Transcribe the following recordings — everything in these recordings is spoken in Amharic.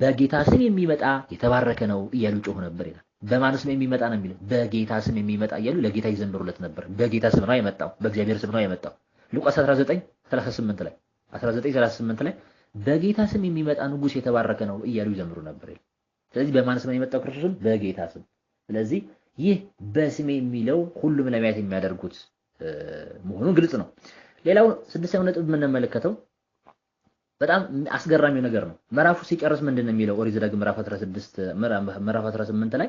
በጌታ ስም የሚመጣ የተባረከ ነው እያሉ ጮሁ ነበር ይላል። በማን ስም የሚመጣ ነው የሚለው? በጌታ ስም የሚመጣ እያሉ ለጌታ ይዘምሩለት ነበር። በጌታ ስም ነው የመጣው፣ በእግዚአብሔር ስም ነው የመጣው። ሉቃስ 19 38 ላይ 19 38 ላይ በጌታ ስም የሚመጣ ንጉስ የተባረከ ነው እያሉ ይዘምሩ ነበር ይላል። ስለዚህ በማን ስም ነው የመጣው? ክርስቶስም በጌታ ስም። ስለዚህ ይህ በስሜ የሚለው ሁሉም ነቢያት የሚያደርጉት መሆኑን ግልጽ ነው። ሌላው ስድስተኛው ነጥብ የምንመለከተው በጣም አስገራሚው ነገር ነው። ምዕራፉ ሲጨርስ ምንድን ነው የሚለው? ኦሪት ዘዳግም ምዕራፍ 16 ምዕራፍ 18 ላይ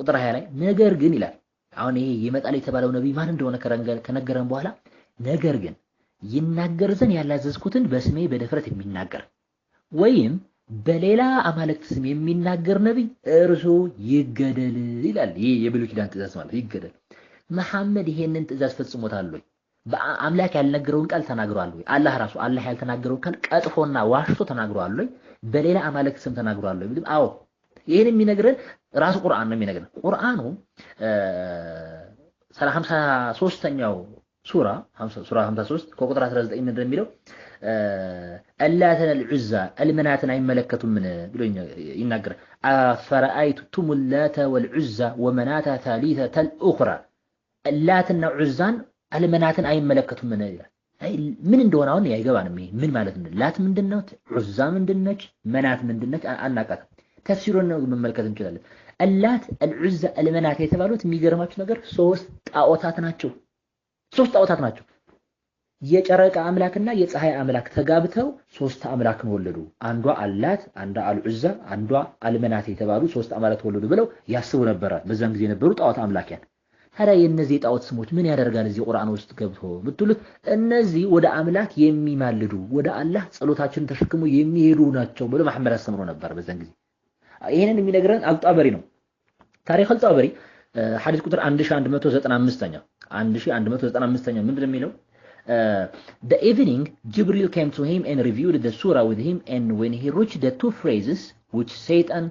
ቁጥር 20 ላይ ነገር ግን ይላል። አሁን ይሄ ይመጣል የተባለው ነቢይ ማን እንደሆነ ከነገረን በኋላ ነገር ግን ይናገር ዘንድ ያላዘዝኩትን በስሜ በደፍረት የሚናገር ወይም በሌላ አማልክት ስም የሚናገር ነቢይ እርሱ ይገደል ይላል። ይሄ የብሉይ ኪዳን ትእዛዝ ማለት ይገደል። መሐመድ ይሄንን ትእዛዝ ፈጽሞታል ወይ? አምላክ ያልነገረውን ቃል ተናግሯል ወይ? አላህ ራሱ አላህ ያልተናገረውን ቃል ቀጥፎና ዋሽቶ ተናግሯል ወይ? በሌላ አማልክት ስም ተናግሯል ወይ? እንግዲህ አዎ፣ ይሄን የሚነግረን ራሱ ቁርአን ነው የሚነግረን። ቁርአኑ 53ኛው ሱራ 53 ከቁጥር 19 ምንድን የሚለው እላተን ልዑዛ እልመናትን አይመለከቱምን ብሎ ይናገራል። አፈረአይቱም ላተ ወልዑዛ ወመናታ ታሊተተል ኡኽራ እላትና ዑዛን አልመናትን አይመለከቱም ይላል። ምን እንደሆነ አሁን አይገባንም። ይሄ ምን ማለት ነው? ላት ምንድነው? ዑዛ ምንድነች? መናት ምንድነች? አናቃትም። ተፍሲሩን ነው መመልከት እንችላለን። አላት፣ አልዑዛ፣ አልመናት የተባሉት የሚገርማችሁ ነገር ሶስት ጣዖታት ናቸው። ሶስት ጣዖታት ናቸው። የጨረቃ አምላክና የፀሐይ አምላክ ተጋብተው ሶስት አምላክን ወለዱ። አንዷ አላት፣ አንዷ አልዑዛ፣ አንዷ አልመናት የተባሉ ሶስት አምላክ ተወለዱ ብለው ያስቡ ነበረ በዛን ጊዜ የነበሩ ጣዖት አምላኪያን ታዲያ የእነዚህ የጣዖት ስሞች ምን ያደርጋል እዚህ ቁርአን ውስጥ ገብቶ ብትሉት፣ እነዚህ ወደ አምላክ የሚማልዱ ወደ አላህ ጸሎታችን ተሸክሞ የሚሄዱ ናቸው ብሎ መሐመድ አስተምሮ ነበር በዛን ጊዜ። ይህንን የሚነግረን አልጣበሪ ነው። ታሪክ አልጣበሪ ሐዲስ ቁጥር 1195ኛ 1195ኛ ምንድን የሚለው The evening Jibril came to him and reviewed the surah with him and when he reached the two phrases which Satan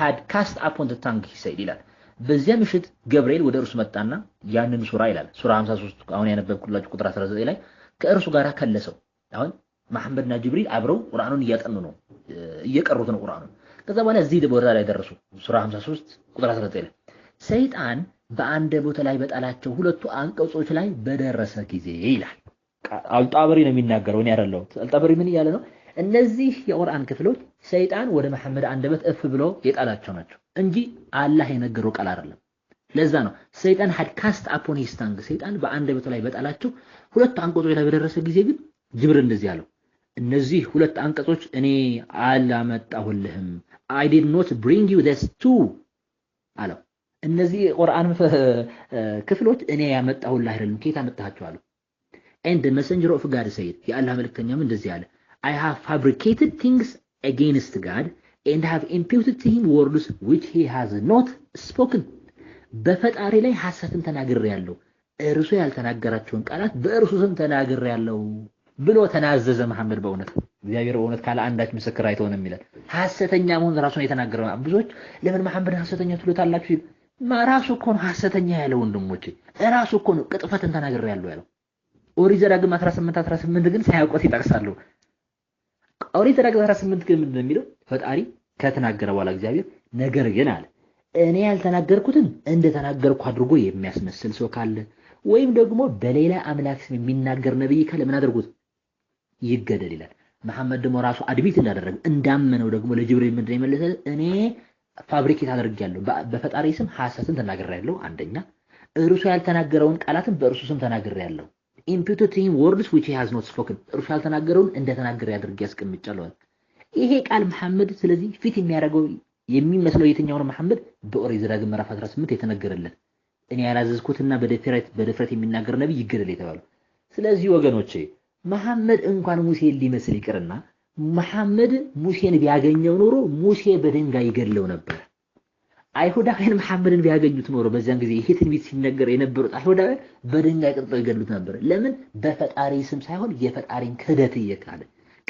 had cast upon the tongue he said ይላል በዚያ ምሽት ገብርኤል ወደ እርሱ መጣና ያንን ሱራ ይላል ሱራ 53 አሁን ያነበብኩላችሁ ቁጥር 19 ላይ ከእርሱ ጋር ከለሰው። አሁን መሐመድና ጅብሪል አብረው ቁርአኑን እያጠኑ ነው፣ እየቀሩት ነው ቁርአኑን። ከዛ በኋላ እዚህ ቦታ ላይ ደረሱ። ሱራ 53 ቁጥር 19 ላይ ሰይጣን ቦታ ላይ በጣላቸው ሁለቱ አንቀጾች ላይ በደረሰ ጊዜ ይላል። አልጣበሪ ነው የሚናገረው፣ እኔ አይደለሁም። አልጣበሪ ምን እያለ ነው? እነዚህ የቁርአን ክፍሎች ሰይጣን ወደ መሐመድ አንደበት እፍ ብሎ የጣላቸው ናቸው እንጂ አላህ የነገረው ቃል አይደለም። ለዛ ነው ሰይጣን ሀድ ካስት አፖን his tongue ሰይጣን በአንደበቱ ላይ በጣላቸው ሁለቱ አንቀጾች ላይ በደረሰ ጊዜ ግን ጅብር እንደዚህ አለው፣ እነዚህ ሁለት አንቀጾች እኔ አላመጣሁልህም አይ ዲድ ኖት ብሪንግ ዩ this ቱ አለው። እነዚህ ቁርአን ክፍሎች እኔ ያመጣሁልህ አይደለም፣ ከየት አመጣሃቸው አለው። and the messenger of God said የአላህ መልእክተኛም እንደዚህ አለ I have fabricated things against God and have imputed to him words which he has not spoken በፈጣሪ ላይ ሐሰትን ተናግሬያለሁ እርሱ ያልተናገራቸውን ቃላት በእርሱ ስም ተናግሬያለሁ ብሎ ተናዘዘ መሐመድ በእውነት እግዚአብሔር በእውነት ካለ አንዳች ምስክር አይተሆንም ይላል ሐሰተኛ መሆን ራሱን የተናገረ ብዙዎች ለምን መሐመድን ሐሰተኛ ትሎታላችሁ ሲል ራሱ እኮ ነው ሐሰተኛ ያለው ወንድሞች ራሱ እኮ ነው ቅጥፈትን ተናግሬያለሁ ያለው ኦሪት ዘዳግም 18 18 ግን ሳያውቆት ይጠቅሳሉ ኦሪት ዘዳግም 18 ግን ምንድን ነው የሚለው? ፈጣሪ ከተናገረ በኋላ እግዚአብሔር ነገር ግን አለ እኔ ያልተናገርኩትን ተናገርኩ አድርጎ የሚያስመስል ሰው ካለ ወይም ደግሞ በሌላ አምላክ ስም የሚናገር ነብይ ካለ ምን አድርጉት? ይገደል ይላል። መሐመድ ደግሞ ራሱ አድሚት እንዳደረገ እንዳመነው ደግሞ ለጅብሪል ምንድን የመለሰ እኔ ፋብሪኬት አድርጌያለሁ፣ በፈጣሪ ስም ሐሰትን ተናግሬያለሁ። አንደኛ እርሱ ያልተናገረውን ቃላትን በእርሱ ስም ተናግሬያለሁ። ኢምፒቱቲንግ ወርድስ ዊች ሃዝ ኖት ስፖክን እርሱ ያልተናገረውን እንደተናገረ ያድርግ ያስቀምጫለዋል። ይሄ ቃል መሐመድ ስለዚህ ፊት የሚያደርገው የሚመስለው የትኛው ነው? መሐመድ በኦሪት ዘዳግም ምዕራፍ 18 የተነገረለት እኔ ያላዘዝኩትና በድፍረት የሚናገር ነብይ ይገደል የተባለ ስለዚህ ወገኖቼ መሐመድ እንኳን ሙሴን ሊመስል ይቅርና መሐመድ ሙሴን ቢያገኘው ኖሮ ሙሴ በድንጋይ ይገድለው ነበር። አይሁዳውያን መሐመድን ቢያገኙት ኖሮ በዚያን ጊዜ ይሄ ትንቢት ሲነገር የነበሩት አይሁዳውያን በድንጋይ ቀጥቅጠው ይገድሉት ነበር። ለምን? በፈጣሪ ስም ሳይሆን የፈጣሪን ክህደት እየካለ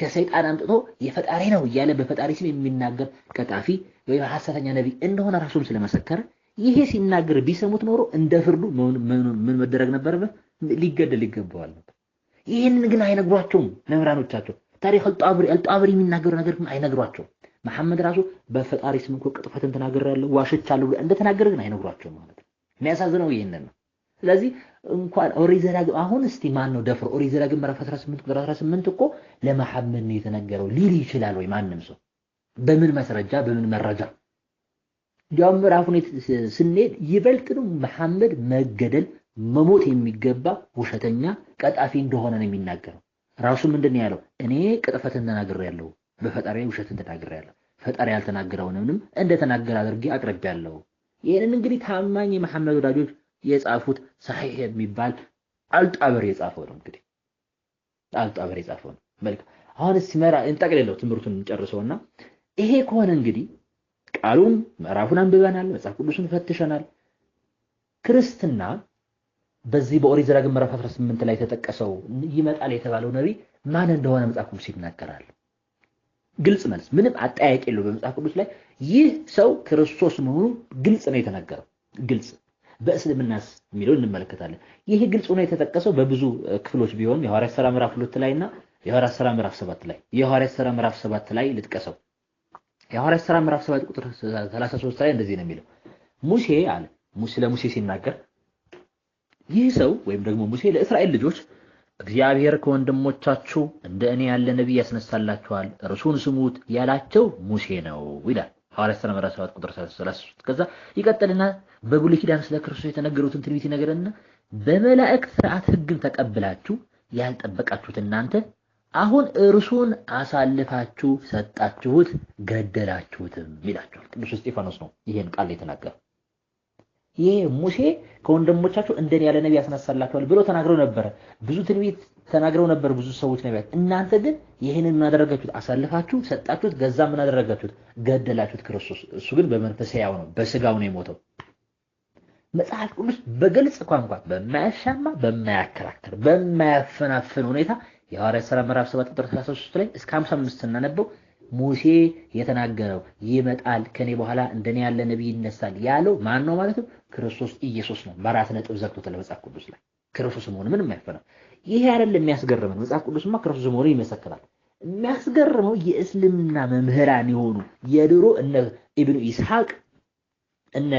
ከሰይጣን አምጥቶ የፈጣሪ ነው እያለ በፈጣሪ ስም የሚናገር ቀጣፊ ወይም ሐሰተኛ ነቢይ እንደሆነ ራሱም ስለመሰከረ ይሄ ሲናገር ቢሰሙት ኖሮ እንደ ፍርዱ ምን መደረግ ነበረበት? ሊገደል ይገባዋል ነበር። ይህንን ግን አይነግሯቸውም መምህራኖቻቸው። ታሪክ አልጣብሪ የሚናገሩ ነገር ግን አይነግሯቸውም። መሐመድ ራሱ በፈጣሪ ስም እኮ ቅጥፈትን ተናግሬያለሁ ዋሽቻለሁ ብሎ እንደተናገረ ግን አይነግሯቸውም ማለት ነው። የሚያሳዝነው ይህንን ነው። ስለዚህ እንኳን ኦሪት ዘዳግም አሁን እስቲ ማን ነው ደፍሮ ኦሪት ዘዳግም ምዕራፍ 18 ቁጥር 18 እኮ ለመሐመድ ነው የተነገረው ሊል ይችላል ወይ ማንም ሰው? በምን መስረጃ በምን መረጃ? እንዲያውም ምዕራፉን ስንሄድ ነው መሐመድ መገደል መሞት የሚገባ ውሸተኛ ቀጣፊ እንደሆነ ነው የሚናገረው። ራሱ ምንድን ነው ያለው? እኔ ቅጥፈትን ተናግሬያለሁ፣ በፈጣሪ ውሸትን ተናግሬያለሁ። ፈጣሪ ያልተናገረውንም እንደተናገረ አድርጌ አቅርቤያለሁ። ይህንን እንግዲህ ታማኝ የመሐመድ ወዳጆች የጻፉት ሰሒህ የሚባል አልጣበር የጻፈው ነው። እንግዲህ አልጣበር የጻፈው ነው። መልካም አሁን ሲመራ እንጠቅልለው ትምህርቱን እንጨርሰውና ይሄ ከሆነ እንግዲህ ቃሉን ምዕራፉን አንብበናል፣ መጽሐፍ ቅዱስን ፈትሸናል። ክርስትና በዚህ በኦሪት ዘዳግም ምዕራፍ 18 ላይ የተጠቀሰው ይመጣል የተባለው ነቢ ማን እንደሆነ መጽሐፍ ቅዱስ ይናገራል። ግልጽ መልስ፣ ምንም አጠያቂ የለው በመጽሐፍ ቅዱስ ላይ ይህ ሰው ክርስቶስ መሆኑ ግልጽ ነው የተነገረው። ግልጽ በእስልምናስ የሚለው እንመለከታለን። ይህ ግልጽ ሆኖ የተጠቀሰው በብዙ ክፍሎች ቢሆንም የሐዋርያት ሥራ ምዕራፍ ሁለት ላይ እና የሐዋርያት ሥራ ምዕራፍ ሰባት ላይ የሐዋርያት ሥራ ምዕራፍ ሰባት ላይ ልጥቀሰው። የሐዋርያት ሥራ ምዕራፍ ሰባት ቁጥር 33 ላይ እንደዚህ ነው የሚለው ሙሴ አለ ስለ ሙሴ ሲናገር ይህ ሰው ወይም ደግሞ ሙሴ ለእስራኤል ልጆች እግዚአብሔር ከወንድሞቻችሁ እንደ እኔ ያለ ነቢይ ያስነሳላችኋል፣ እርሱን ስሙት ያላቸው ሙሴ ነው ይላል ሐዋርያት ሥራ ምዕራፍ 7 ቁጥር 33። ከዛ ይቀጥልና በብሉይ ኪዳን ስለ ክርስቶስ የተነገሩትን ትንቢት ይነግረንና በመላእክት ስርዓት ሕግን ተቀብላችሁ ያልጠበቃችሁት እናንተ አሁን እርሱን አሳልፋችሁ ሰጣችሁት፣ ገደላችሁትም ይላቸዋል። ቅዱስ እስጢፋኖስ ነው ይሄን ቃል የተናገረው። ይሄ ሙሴ ከወንድሞቻቸው እንደኔ ያለ ነቢ ያስነሳላቸዋል ብሎ ተናግረው ነበረ። ብዙ ትንቢት ተናግረው ነበር ብዙ ሰዎች ነቢያት። እናንተ ግን ይህንን ምናደረጋችሁት? አሳልፋችሁ ሰጣችሁት። ገዛ ምናደረጋችሁት? ገደላችሁት። ክርስቶስ እሱ ግን በመንፈስ ያው ነው፣ በስጋው ነው የሞተው። መጽሐፍ ቅዱስ በግልጽ ቋንቋ በማያሻማ በማያከራከር፣ በማያፈናፍን ሁኔታ የሐዋርያት ሥራ ምዕራፍ 7 ቁጥር 33 ላይ እስከ 55 ስናነበው ሙሴ የተናገረው ይመጣል፣ ከኔ በኋላ እንደኔ ያለ ነቢይ ይነሳል ያለው ማን ነው ማለት ነው? ክርስቶስ ኢየሱስ ነው። በአራት ነጥብ ዘግቶታል መጽሐፍ ቅዱስ ላይ ክርስቶስ መሆኑ ምንም አይፈነው። ይሄ አይደለም የሚያስገርመን። መጽሐፍ ቅዱስማ ክርስቶስ መሆኑ ይመሰክራል። የሚያስገርመው የእስልምና መምህራን የሆኑ የድሮ እነ ኢብኑ ኢስሐቅ እነ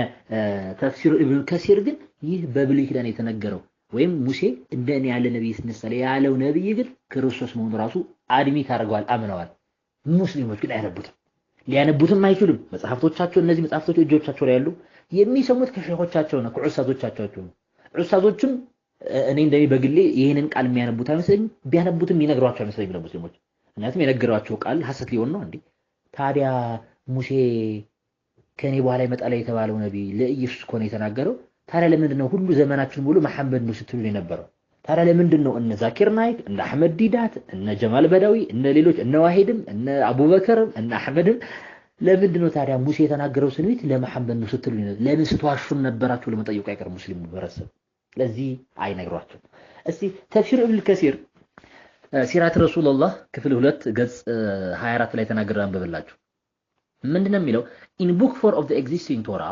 ተፍሲሩ ኢብኑ ከሲር ግን ይህ በብሉይ ኪዳን የተነገረው ወይም ሙሴ እንደኔ ያለ ነቢይ ይነሳል ያለው ነቢይ ግን ክርስቶስ መሆኑ ራሱ አድሚት አድርገዋል፣ አምነዋል። ሙስሊሞች ግን አያነቡትም፣ ሊያነቡትም አይችሉም። መጽሐፍቶቻቸው እነዚህ መጽሐፍቶች እጆቻቸው ላይ ያሉ የሚሰሙት ከሸሆቻቸው ነው፣ ከዑሳዞቻቸው ነው። ዑሳዞችም እኔ እንደኔ በግሌ ይህንን ቃል የሚያነቡት አይመስለኝም። ቢያነቡትም ይነግሯቸው አይመስለኝም ለሙስሊሞች። ምክንያቱም የነገሯቸው ቃል ሀሰት ሊሆን ነው። እንዴ ታዲያ ሙሴ ከእኔ በኋላ ይመጣል የተባለው ነቢይ ለኢየሱስ ከሆነ የተናገረው ታዲያ ለምንድን ነው ሁሉ ዘመናችን ሙሉ መሐመድ ነው ስትሉ የነበረው? ታዲያ ለምንድን ነው እነ ዛኪር ናይክ እነ አህመድ ዲዳት እነ ጀማል በዳዊ እነ ሌሎች እነ ዋሂድም እነ አቡበከርም እነ አህመድም ለምንድን ነው ታዲያ ሙሴ የተናገረው ስንት ለመሐመድ ነው ስትሉ ለምን ስትዋሹን ነበራችሁ ለመጠየቁ አይቀር ሙስሊሙ ማህበረሰብ ለዚህ አይነግሯቸው። እስቲ ተፍሲር ኢብኑል ከሲር ሲራት ረሱልላህ ክፍል ሁለት ገጽ 24 ላይ ተናገረ አንብብላችሁ ምንድነው የሚለው ኢን ቡክ ፎር ኦፍ ዘ ኤግዚስቲንግ ቶራ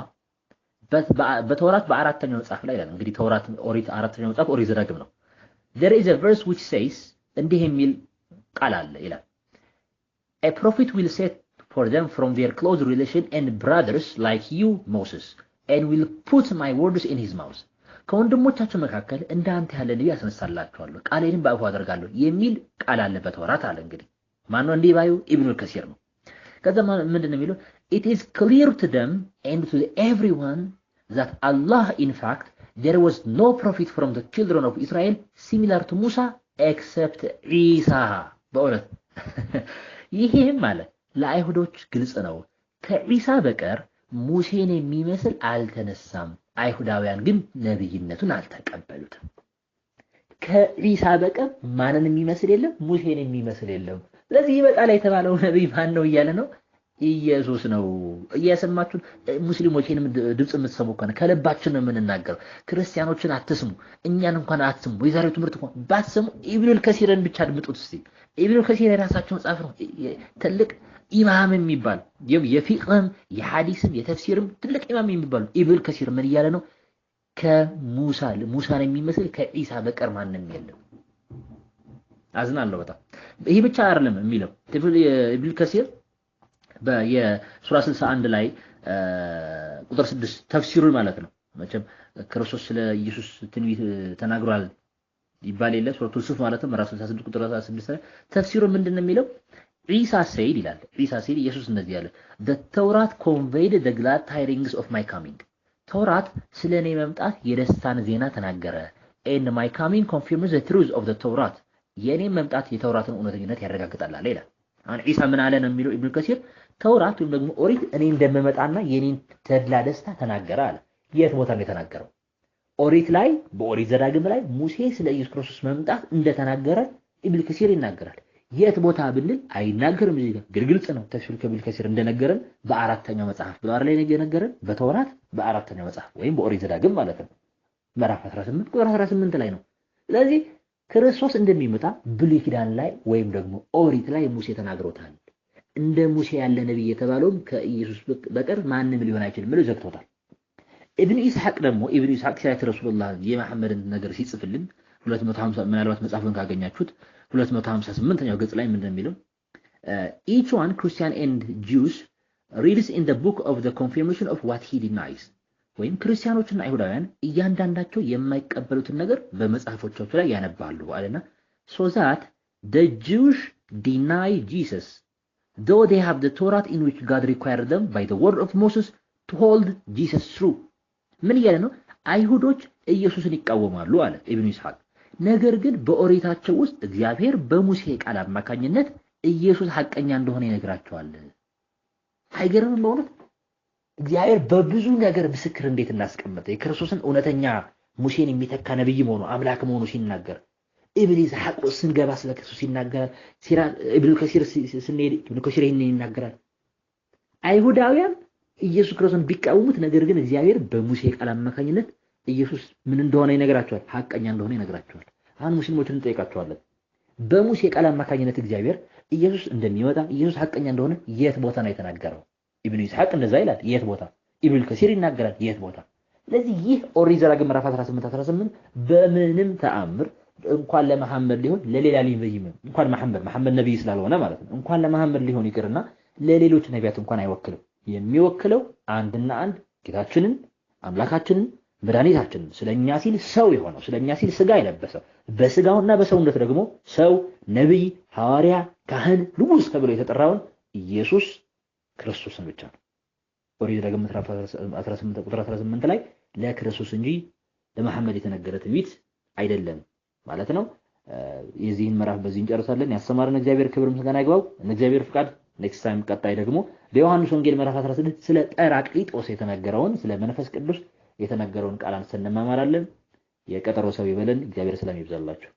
በተውራት በአራተኛው መጽሐፍ ላይ ይላል። እንግዲህ ተውራት ኦሪት አራተኛው መጽሐፍ ኦሪት ዘዳግም ነው። there is a verse which says a prophet will set for them from their close relation and brothers like you Moses and will put my words in his mouth ከወንድሞቻቸው መካከል እንደ አንተ ያለ ነቢይ አስነሳላችኋለሁ ቃሌንም በአፉ አደርጋለሁ የሚል ቃል አለበት ወራት አለ እንግዲህ ማነው እንዲህ ባዩ ኢብኑል ከሲር ነው ከዛ ምንድን ነው የሚለው it is clear to them and to everyone that Allah in fact there was no prophet from the children of Israel similar to Musa except Isa. በእውነት ይሄም ማለት ለአይሁዶች ግልጽ ነው። ከዒሳ በቀር ሙሴን የሚመስል አልተነሳም። አይሁዳውያን ግን ነብይነቱን አልተቀበሉትም። ከዒሳ በቀር ማንን የሚመስል የለም፣ ሙሴን የሚመስል የለም። ስለዚህ ይመጣል የተባለው ነብይ ማን ነው እያለ ነው ኢየሱስ ነው እያሰማችሁ ሙስሊሞች ይህን ድምፅ የምትሰሙ ከሆነ ከልባችን ነው የምንናገረው። ክርስቲያኖችን አትስሙ፣ እኛን እንኳን አትስሙ። የዛሬው ትምህርት እንኳን ባትሰሙ ኢብኑል ከሲርን ብቻ አድምጡት ስ ኢብኑል ከሲር የራሳቸው መጽሐፍ ነው ትልቅ ኢማም የሚባል የፊቅህም የሐዲስም የተፍሲርም ትልቅ ኢማም የሚባሉ ኢብኑል ከሲር ምን እያለ ነው? ከሙሳ ሙሳን የሚመስል ከኢሳ በቀር ማንም የለም። አዝናለሁ በጣም ይሄ ብቻ አይደለም የሚለው ኢብል ከሲር የሱራ 61 ላይ ቁጥር 6 ተፍሲሩን ማለት ነው። መቼም ክርስቶስ ስለ ኢየሱስ ትንቢት ተናግሯል ይባል የለ ሱረቱ ሱፍ ማለት ነው። ምዕራፍ 66 ቁጥር 16 ላይ ተፍሲሩ ምንድን ነው የሚለው ኢሳ ሰይድ ይላል። ኢሳ ሰይድ ኢየሱስ እንደዚህ ያለ ዘ ተውራት ኮንቬይድ ዘ ግላድ ታይሪንግስ ኦፍ ማይ ካሚንግ ተውራት ስለ እኔ መምጣት የደስታን ዜና ተናገረ። ኤን ማይ ካሚንግ ኮንፊርምስ ዘ ትሩዝ ኦፍ ዘ ተውራት የኔ መምጣት የተውራትን እውነተኝነት ያረጋግጣል አለ ይላል። አሁን ኢሳ ምን አለ ነው የሚለው ኢብኑ ከሲር ተውራት ወይም ደግሞ ኦሪት እኔ እንደምመጣና የኔን ተድላ ደስታ ተናገረ አለ። የት ቦታ ነው የተናገረው? ኦሪት ላይ በኦሪት ዘዳግም ላይ ሙሴ ስለ ኢየሱስ ክርስቶስ መምጣት እንደተናገረ ኢብል ከሲር ይናገራል። የት ቦታ ብንል አይናገርም። እዚህ ጋር ግልጽ ነው። ተፍሲር ኢብን ከሲር እንደነገረን በአራተኛው መጽሐፍ ብሎ ላይ የነገረን በተውራት በአራተኛው መጽሐፍ ወይም በኦሪት ዘዳግም ማለት ነው ምዕራፍ 18 ቁጥር 18 ላይ ነው። ስለዚህ ክርስቶስ እንደሚመጣ ብሉይ ኪዳን ላይ ወይም ደግሞ ኦሪት ላይ ሙሴ ተናግሮታል። እንደ ሙሴ ያለ ነቢይ የተባለውም ከኢየሱስ በቀር ማንም ሊሆን አይችልም ብሎ ዘግቶታል። ኢብኑ ኢስሐቅ ደግሞ ኢብኑ ኢስሐቅ ሲያት ረሱሉላህ የመሐመድን ነገር ሲጽፍልን 250 ምናልባት መጽሐፉን ካገኛችሁት 258ኛው ገጽ ላይ ምን እንደሚለው ኢች ዋን ክርስቲያን ኤንድ ጂውስ ሪድስ ኢን ዘ ቡክ ኦፍ ዘ ኮንፊርሜሽን ኦፍ ዋት ሂ ዲናይስ ወይም ክርስቲያኖችና አይሁዳውያን እያንዳንዳቸው የማይቀበሉትን ነገር በመጽሐፎቻቸው ላይ ያነባሉ አለና ሶ ዛት ደ ጂውሽ ዲናይ ጂሰስ though they have the Torah in which God required them by the word of Moses to hold Jesus true ምን እያለ ነው? አይሁዶች ኢየሱስን ይቃወማሉ አለ ኢብኑ ይስሐቅ። ነገር ግን በኦሪታቸው ውስጥ እግዚአብሔር በሙሴ ቃል አማካኝነት ኢየሱስ ሐቀኛ እንደሆነ ይነግራቸዋል። አይገርምም? በእውነት እግዚአብሔር በብዙ ነገር ምስክር እንዴት እናስቀመጠ የክርስቶስን እውነተኛ ሙሴን የሚተካ ነብይ መሆኑ አምላክ መሆኑ ሲናገር ኢብን ኢስሐቅ ስንገባ ስለ ክርስቶስ ይናገራል። ኢብኑ ከሲር ስንሄድ ኢብኑ ከሲር ይህንን ይናገራል። አይሁዳውያን ኢየሱስ ክርስቶስን ቢቃወሙት፣ ነገር ግን እግዚአብሔር በሙሴ ቃል አማካኝነት ኢየሱስ ምን እንደሆነ ይነግራቸዋል፣ ሀቀኛ እንደሆነ ይነግራቸዋል። አሁን ሙስሊሞችን እንጠይቃቸዋለን። በሙሴ ቃል አማካኝነት እግዚአብሔር ኢየሱስ እንደሚወጣ ኢየሱስ ሀቀኛ እንደሆነ የት ቦታ ነው የተናገረው? ኢብኑ ኢስሐቅ እንደዛ ይላል። የት ቦታ? ኢብኑ ከሲር ይናገራል። የት ቦታ? ስለዚህ ይህ ኦሪት ዘዳግም ምዕራፍ 18 18 በምንም ተአምር እንኳን ለመሐመድ ሊሆን ለሌላ ነብይም እንኳን መሐመድ መሐመድ ነብይ ስላልሆነ ማለት ነው እንኳን ለመሐመድ ሊሆን ይቅርና ለሌሎች ነቢያት እንኳን አይወክልም። የሚወክለው አንድና አንድ ጌታችንን አምላካችንን መድኃኒታችንን ስለኛ ሲል ሰው የሆነው ስለኛ ሲል ስጋ የለበሰው በስጋውና በሰውነት ደግሞ ሰው፣ ነብይ፣ ሐዋርያ፣ ካህን፣ ንጉስ ተብሎ የተጠራውን ኢየሱስ ክርስቶስን ብቻ ነው። ኦሪት ዘዳግም ምዕራፍ 18 ቁጥር 18 ላይ ለክርስቶስ እንጂ ለመሐመድ የተነገረ ትንቢት አይደለም ማለት ነው። የዚህን ምዕራፍ በዚህ እንጨርሳለን። ያስተማረን እግዚአብሔር ክብር ምስጋና ይግባው። እግዚአብሔር ፍቃድ ኔክስት ታይም ቀጣይ ደግሞ በዮሐንስ ወንጌል ምዕራፍ 16 ስለ ጰራቅሊጦስ የተነገረውን ስለ መንፈስ ቅዱስ የተነገረውን ቃል ስንመማራለን። የቀጠሮ ሰው ይበለን። እግዚአብሔር ሰላም ይብዛላችሁ።